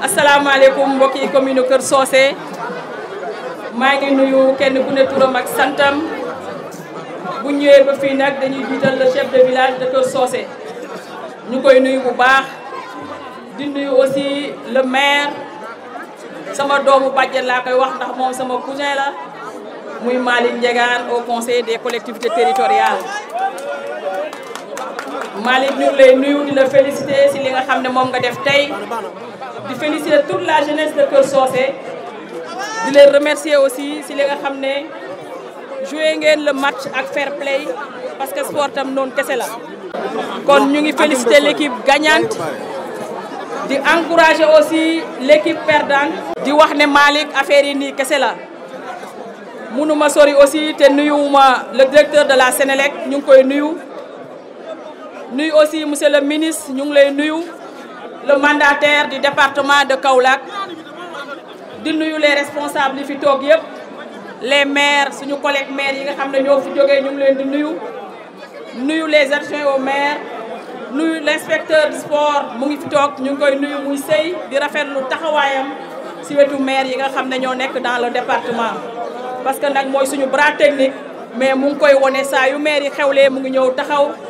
asalaamaaleykum mbokki commune la sosé de nuyu kenn ku ne santam bu ñëwé ba fi le chef de village de keur sosé ñukoy nuyu bu baax di nuyu aussi le maire sama doomu bàjjen père koy wax ndax mom sama cousin la muy Malick au conseil des collectivités territoriales Malik ñu lay nuyu di la féliciter si li nga xam mom nga def tay di féliciter toute la jeunesse de Kër Socé di les remercier aussi si li nga xam jouer joué ngeen le match ak fair play parce que sport tam non kese la. kon ñu ngi féliciter l'équipe gagnante di encourager aussi l'équipe perdante. di wax ne Malik affaire yi ni kese la. mënuma sori aussi te nuyuwuma le directeur de la Sénélec ñu ngi koy nuyu. Nous aussi monsieur le ministre nous sommes lay le mandataire du département de Kaulak Nous sommes les responsables de la les maires suñu collègues maires yi nga nous, nous les adjoints aux maires, nous l'inspecteur du sport nous ngi fi Nous ñu Nous koy nuyu muy sëy di vous maire yi nga que dans le département parce que nous sommes suñu bras techniques, mais nous sommes les maires qui yu qui yi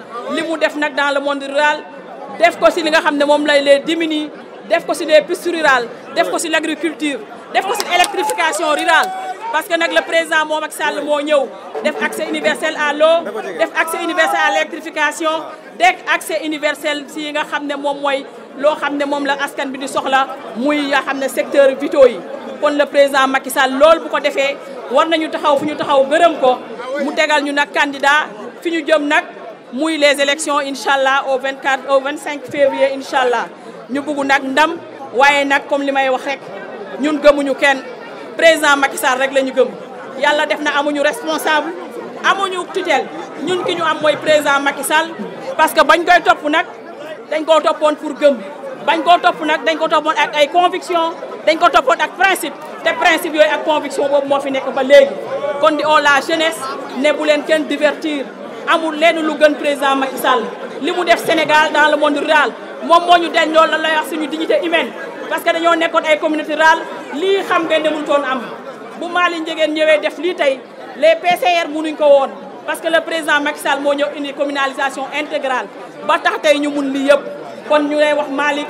li mu def nak dans le monde rural def ko si li nga xam mom moom lay les diminuer def ko si les pistes rurales def ko si l'agriculture, def ko si électrification rurale parce que nak le président mom ak Sall mo ñëw def accès universel à l'eau def accès universel à l'électrification def accès universel si nga xam mom moy lo loo mom la askan bi di soxla muy nga xam secteur vitaux yi kon le président Macky Sall lool bu ko défé war nañu taxaw fu ñu taxaw gërëm ko mu tegal ñu nak candidat fi ñu jëm nak muy les élections Inshallah, au 24 au 25 février Inshallah. ñu bëggu nak ndam wayé nak comme limay wax rek ñun gëmuñu kenn président Macky Sall rek lañu gëm yalla def na amuñu responsable amuñu tutelle ñun ki ñu am moy président Macky Sall parce que bañ koy top nak dañ ko topone pour gëm bañ ko top nak dañ ko topone ak ay conviction dañ ko toppoon ak principe té principe yoy ak conviction bobu mo fi nekk ba légui kon di oo la jeunesse ne bu len kenn divertir amul lenn lu gën président Macky Sall li mu def Sénégal dans le monde rural moom moo ñu dañ la lay wax suñu dignité humaine parce que dañoo nekkoon ay communauté rurale lii xam nga demul toon am bu Mali Ndiéguène ñëwee def lii tey les PCR mënuñ ko woon parce que le président Macky Sall moo ñëw indi communalisation intégrale ba tax tey ñu mun lii yëpp kon ñu lay wax Malick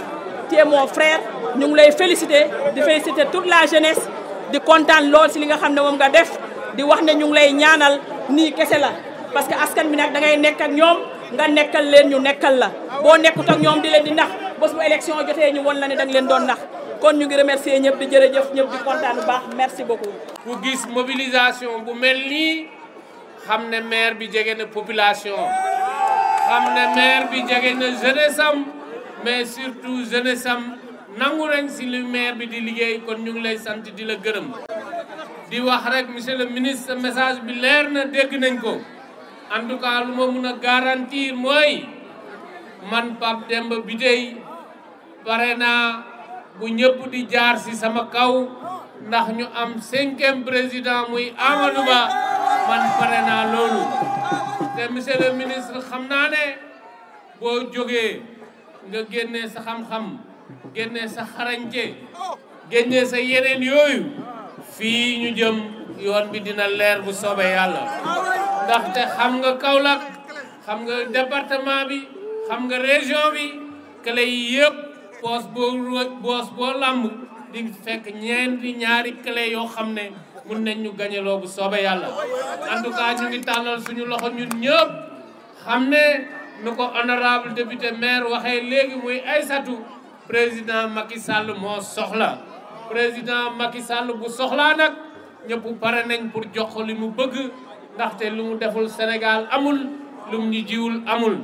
tu mon frère ñu ngi lay féliciter di féliciter toute la jeunesse di kontaan lool si li nga xam ne moom nga def di wax ne ñu ngi lay ñaanal nii kese la parce que askan bi nag da ngay nekk ak ñoom nga nekkal leen ñu nekkal la boo nekkut ak ñoom di leen di nax bés bu élection jotee ñu won la ne da leen doon nax kon ñu ngi remercier ñëpp di jërëjëf ñëpp di kontaan bu baax merci beaucoup. ku gis mobilisation bu mel nii xam ne maire bi jege na population xam ne maire bi jege na jeunesse am mais surtout jeunesse am nangu nañ si lu maire bi di liggéey kon ñu ngi lay sant di la gërëm. di wax rek monsieur le ministre message bi leer nañ ko. en tout cas lu ma na a garantir mooy man Pape Demba Bitèye pare naa bu ñëpp di jaar si sama kaw ndax ñu am cinquième président muy Amadou Ba man pare naa loolu te monsieur ministre xam naa boo jóge nga génnee sa xam-xam génnee sa xarañte génnee sa yeneen yooyu fii ñu jëm yoon bi dina leer bu soobee yàlla ndaxte xam nga Kaolack xam nga département bi xam nga région bi clé yi yëpp boos boo boos boo làmb di fekk ñeenti ñaari clé yoo xam ne mun nañ ñu gañeloo bu soobe yàlla en tout cas ñu ngi tàllal suñu loxo ñun ñëpp xam ne nu ko honorable député maire waxee léegi muy Aïssatou président Macky Sall moo soxla président Macky Sall bu soxla nag ñëpp pare nañ pour jox li mu bëgg ndaxte lu mu deful Sénégal amul lu mu ñu jiwul amul